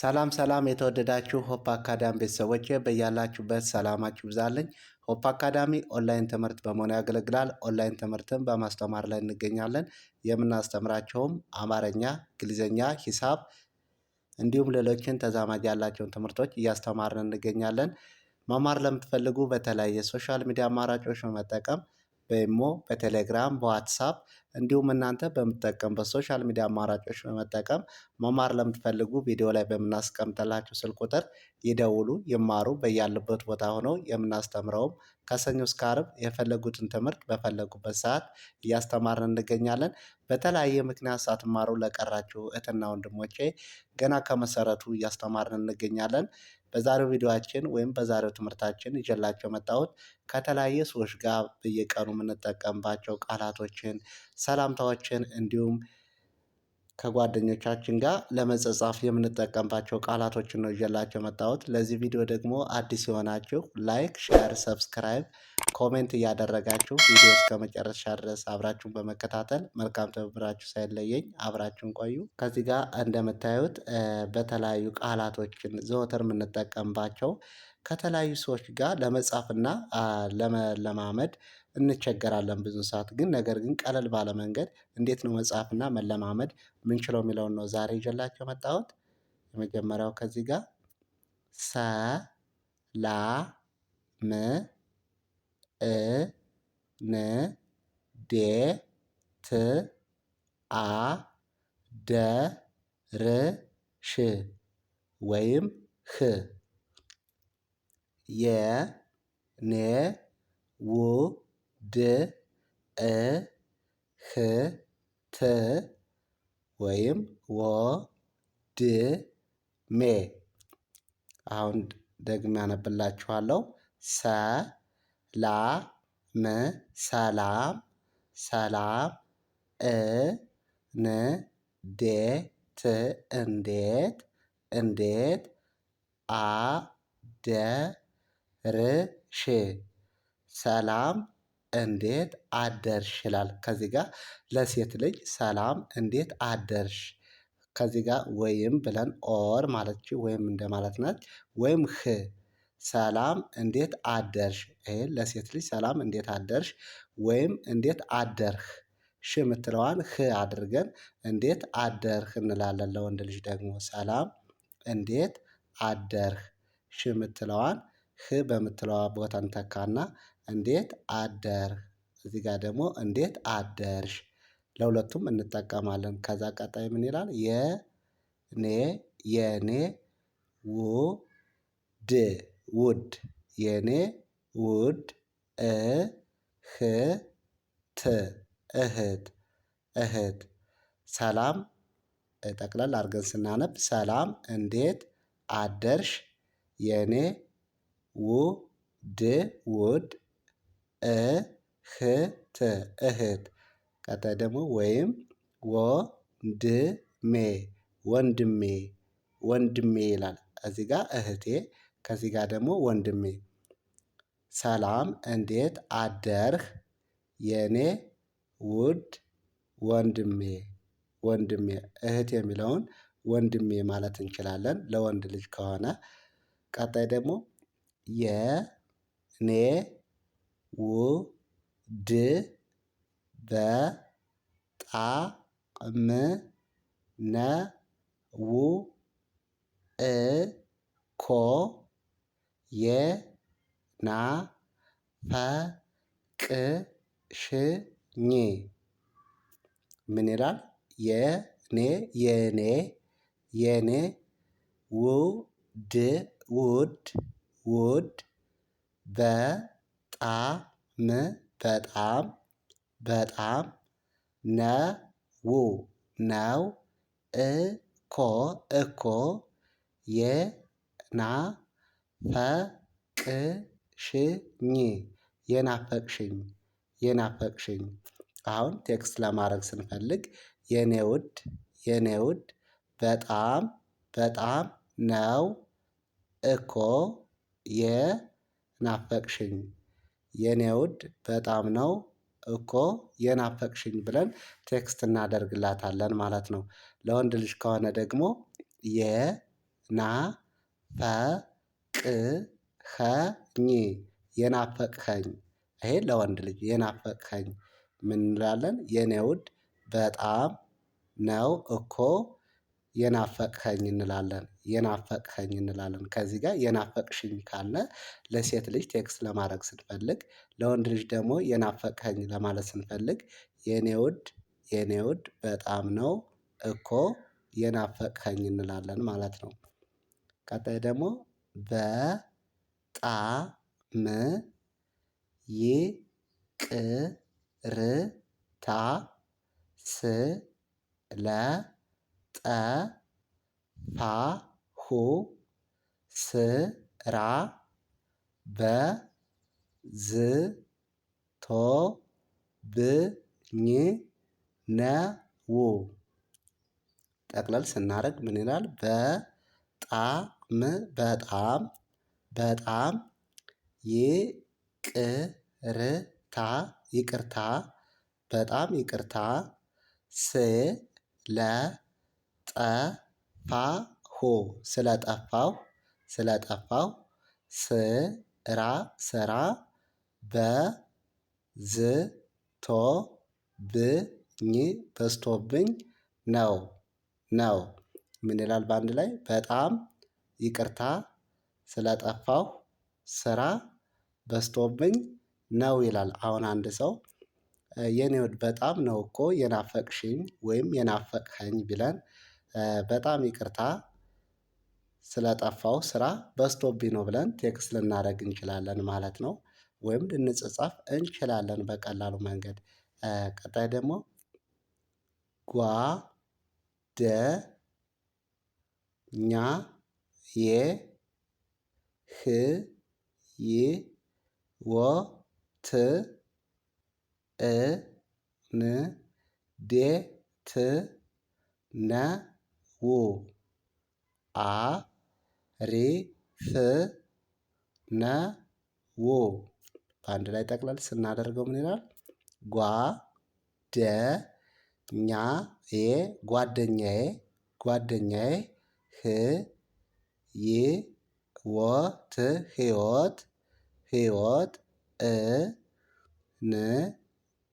ሰላም ሰላም የተወደዳችሁ ሆፕ አካዳሚ ቤተሰቦች በያላችሁበት ሰላማችሁ ብዛለኝ። ሆፕ አካዳሚ ኦንላይን ትምህርት በመሆን ያገለግላል። ኦንላይን ትምህርትን በማስተማር ላይ እንገኛለን። የምናስተምራቸውም አማርኛ፣ እንግሊዝኛ፣ ሂሳብ እንዲሁም ሌሎችን ተዛማጅ ያላቸውን ትምህርቶች እያስተማርን እንገኛለን። መማር ለምትፈልጉ በተለያየ ሶሻል ሚዲያ አማራጮች በመጠቀም በኢሞ በቴሌግራም በዋትሳፕ እንዲሁም እናንተ በምጠቀም ሶሻል ሚዲያ አማራጮች በመጠቀም መማር ለምትፈልጉ ቪዲዮ ላይ በምናስቀምጠላችሁ ስልክ ቁጥር ይደውሉ ይማሩ በያሉበት ቦታ ሆነው የምናስተምረውም ከሰኞ እስከ አርብ የፈለጉትን ትምህርት በፈለጉበት ሰዓት እያስተማርን እንገኛለን። በተለያየ ምክንያት ሳትማሩ ለቀራችሁ እህትና ወንድሞቼ ገና ከመሰረቱ እያስተማርን እንገኛለን። በዛሬው ቪዲዮችን ወይም በዛሬው ትምህርታችን ይዤላቸው መጣሁት ከተለያየ ሰዎች ጋር በየቀኑ የምንጠቀምባቸው ቃላቶችን፣ ሰላምታዎችን እንዲሁም ከጓደኞቻችን ጋር ለመጸጻፍ የምንጠቀምባቸው ቃላቶችን ነው ይዤላችሁ የመጣሁት። ለዚህ ቪዲዮ ደግሞ አዲስ የሆናችሁ ላይክ፣ ሼር፣ ሰብስክራይብ፣ ኮሜንት እያደረጋችሁ ቪዲዮ እስከ መጨረሻ ድረስ አብራችሁን በመከታተል መልካም ትብብራችሁ ሳይለየኝ አብራችሁን ቆዩ። ከዚህ ጋር እንደምታዩት በተለያዩ ቃላቶችን ዘወትር የምንጠቀምባቸው ከተለያዩ ሰዎች ጋር ለመጻፍና ለመለማመድ እንቸገራለን ብዙ ሰዓት ግን ነገር ግን ቀለል ባለ መንገድ እንዴት ነው መጽሐፍና መለማመድ ምንችለው የሚለውን ነው ዛሬ ይዤላችሁ የመጣሁት። የመጀመሪያው ከዚህ ጋር ሰ ላ ም እ ን ዴ ት አ ደ ር ሽ ወይም ህ የ ኔ ው ድ እ ህ ት ወይም ወ ድ ሜ አሁን ደግሜ አነብላችኋለሁ። ሰ ላ ም ሰላም ሰላም እ ን ዴ ት እንዴት እንዴት አ ደ ር ሽ ሰላም እንዴት አደርሽ ይላል። ከዚህ ጋር ለሴት ልጅ ሰላም እንዴት አደርሽ ከዚህ ጋር ወይም ብለን ኦር ማለት ወይም እንደማለት ናት። ወይም ህ ሰላም እንዴት አደርሽ ይሄ ለሴት ልጅ ሰላም እንዴት አደርሽ ወይም እንዴት አደርህ ሽ የምትለዋን ህ አድርገን እንዴት አደርህ እንላለን። ለወንድ ልጅ ደግሞ ሰላም እንዴት አደርህ ሽ የምትለዋን ህ በምትለዋ ቦታ እንተካና እንዴት አደር እዚህ ጋር ደግሞ እንዴት አደርሽ ለሁለቱም እንጠቀማለን። ከዛ ቀጣይ ምን ይላል የኔ የኔ ውድ ውድ የኔ ውድ እህት እህት እህት ሰላም ጠቅለል አድርገን ስናነብ ሰላም እንዴት አደርሽ የኔ ውድ ውድ እህት እህት ቀጣይ ደግሞ ወይም ወንድሜ ወንድሜ ወንድሜ ይላል እዚህ ጋር እህቴ ከዚህ ጋር ደግሞ ወንድሜ። ሰላም እንዴት አደርህ የኔ ውድ ወንድሜ ወንድሜ እህት የሚለውን ወንድሜ ማለት እንችላለን ለወንድ ልጅ ከሆነ። ቀጣይ ደግሞ የኔ ውድ በጣም ነው እኮ የናፈቅሽኝ። ምን ይላል? የኔ የኔ የኔ ውድ ውድ ውድ በ ጣም በጣም በጣም ነው ነው እኮ እኮ የናፈቅሽኝ የናፈቅሽኝ የናፈቅሽኝ አሁን ቴክስት ለማድረግ ስንፈልግ የኔ ውድ የኔ ውድ በጣም በጣም ነው እኮ የናፈቅሽኝ የኔ ውድ በጣም ነው እኮ የናፈቅሽኝ ብለን ቴክስት እናደርግላታለን ማለት ነው። ለወንድ ልጅ ከሆነ ደግሞ የናፈቅኸኝ የናፈቅኸኝ ይሄ ለወንድ ልጅ የናፈቅኸኝ ምን እንላለን የኔ ውድ በጣም ነው እኮ የናፈቅኸኝ እንላለን የናፈቅኸኝ እንላለን ከዚህ ጋር የናፈቅሽኝ ካለ ለሴት ልጅ ቴክስት ለማድረግ ስንፈልግ ለወንድ ልጅ ደግሞ የናፈቅኸኝ ለማለት ስንፈልግ የኔ ውድ የኔ ውድ በጣም ነው እኮ የናፈቅኸኝ እንላለን ማለት ነው። ቀጣይ ደግሞ በጣም ይቅርታ ስለ ጠፋሁ ስራ በዝቶብኝ ነው። ጠቅለል ስናደርግ ምን ይላል? በጣም በጣም በጣም ይቅርታ ይቅርታ በጣም ይቅርታ ስለ ጠፋሁ ስለጠፋሁ ስለጠፋሁ ስራ ስራ በዝቶብኝ በዝቶብኝ ነው ነው ምን ይላል በአንድ ላይ በጣም ይቅርታ ስለጠፋሁ ስራ በዝቶብኝ ነው ይላል። አሁን አንድ ሰው የኔ ውድ በጣም ነው እኮ የናፈቅሽኝ ወይም የናፈቅኸኝ ብለን በጣም ይቅርታ ስለጠፋው ስራ በዝቶብኝ ነው ብለን ቴክስ ልናደረግ እንችላለን ማለት ነው። ወይም ልንጽጻፍ እንችላለን በቀላሉ መንገድ ቀጣይ ደግሞ ጓ ደ ኛ የ ህ ይ ወ ት እ ን ዴ ት ነ ዎ አ ሬ ፍ ነ ዎ በአንድ ላይ ጠቅለል ስናደርገው ምን ይላል? ጓ ደ ኛ ዬ ጓደኛዬ ጓደኛዬ ህ ይ ወ ት ህይወት ህይወት እ ን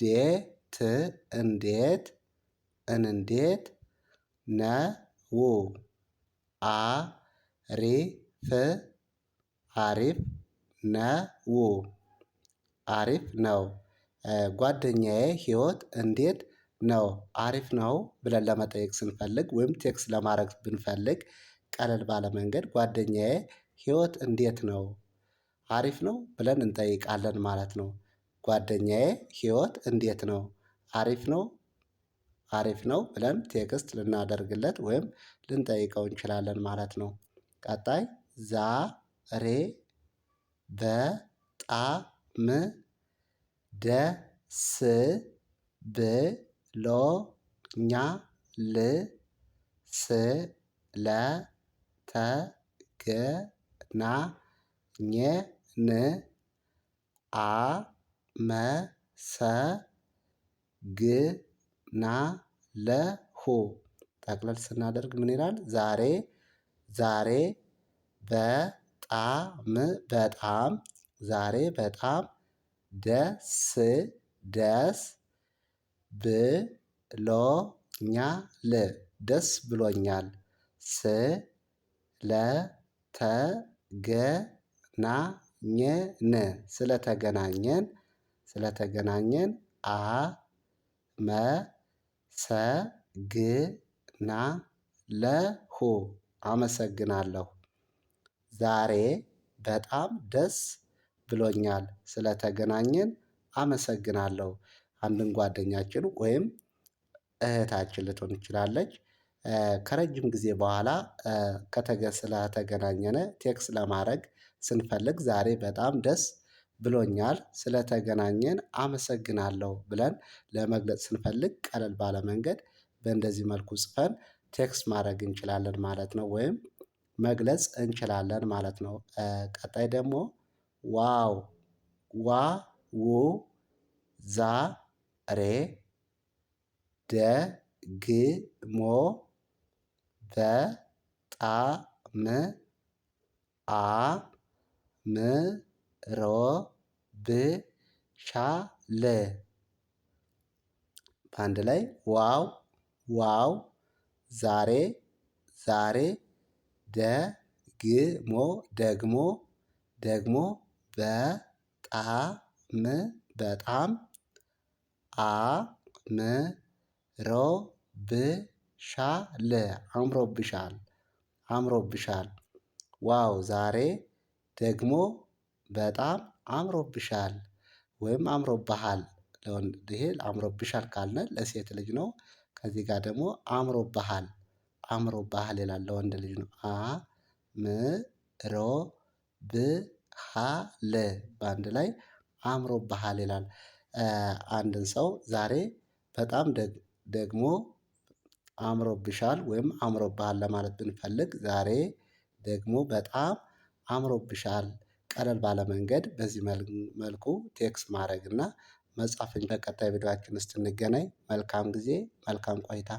ዴ ት እንዴት እንዴት ነ ዎ አ ሬ ፈ አሪፍ ነው አሪፍ ነው። ጓደኛዬ ህይወት እንዴት ነው አሪፍ ነው ብለን ለመጠየቅ ስንፈልግ ወይም ቴክስ ለማድረግ ብንፈልግ ቀለል ባለ መንገድ ጓደኛዬ ህይወት እንዴት ነው አሪፍ ነው ብለን እንጠይቃለን ማለት ነው። ጓደኛዬ ህይወት እንዴት ነው አሪፍ ነው አሪፍ ነው ብለን ቴክስት ልናደርግለት ወይም ልንጠይቀው እንችላለን ማለት ነው። ቀጣይ ዛሬ ን አ መ ሰ ግ ና ለሁ ጠቅለል ስናደርግ ምን ይላል? ዛሬ ዛሬ በጣም በጣም ዛሬ በጣም ደስ ደስ ብሎኛል ደስ ብሎኛል ስለተገናኘን ስለተገናኘን አ መ። ሰግና ለሁ አመሰግናለሁ። ዛሬ በጣም ደስ ብሎኛል ስለተገናኘን አመሰግናለሁ። አንድን ጓደኛችን ወይም እህታችን ልትሆን ትችላለች። ከረጅም ጊዜ በኋላ ከተገ ስለተገናኘነ ቴክስ ለማድረግ ስንፈልግ ዛሬ በጣም ደስ ብሎኛል ስለተገናኘን አመሰግናለሁ ብለን ለመግለጽ ስንፈልግ ቀለል ባለ መንገድ በእንደዚህ መልኩ ጽፈን ቴክስት ማድረግ እንችላለን ማለት ነው። ወይም መግለጽ እንችላለን ማለት ነው። ቀጣይ ደግሞ ዋው ዋው ዛሬ ደግሞ አ ም ሮ ለ በአንድ ላይ ዋው ዋው ዛሬ ዛሬ ደግሞ ደግሞ ደግሞ በጣም በጣም ለ አምሮብሻል አምሮብሻል ዋው ዛሬ ደግሞ በጣም አምሮብሻል ወይም አምሮብሃል ለወንድ ይሄ አምሮብሻል ካልነ ለሴት ልጅ ነው። ከዚህ ጋር ደግሞ አምሮብሃል አምሮብሃል ይላል ለወንድ ልጅ ነው። አ ም ሮ ብ ሀ ለ በአንድ ላይ አምሮብሃል ይላል። አንድን ሰው ዛሬ በጣም ደግሞ አምሮብሻል ወይም አምሮብሃል ለማለት ብንፈልግ ዛሬ ደግሞ በጣም አምሮብሻል ቀለል ባለ መንገድ በዚህ መልኩ ቴክስት ማድረግ እና መጻፍ በቀጣይ ውስጥ እንገናኝ መልካም ጊዜ መልካም ቆይታ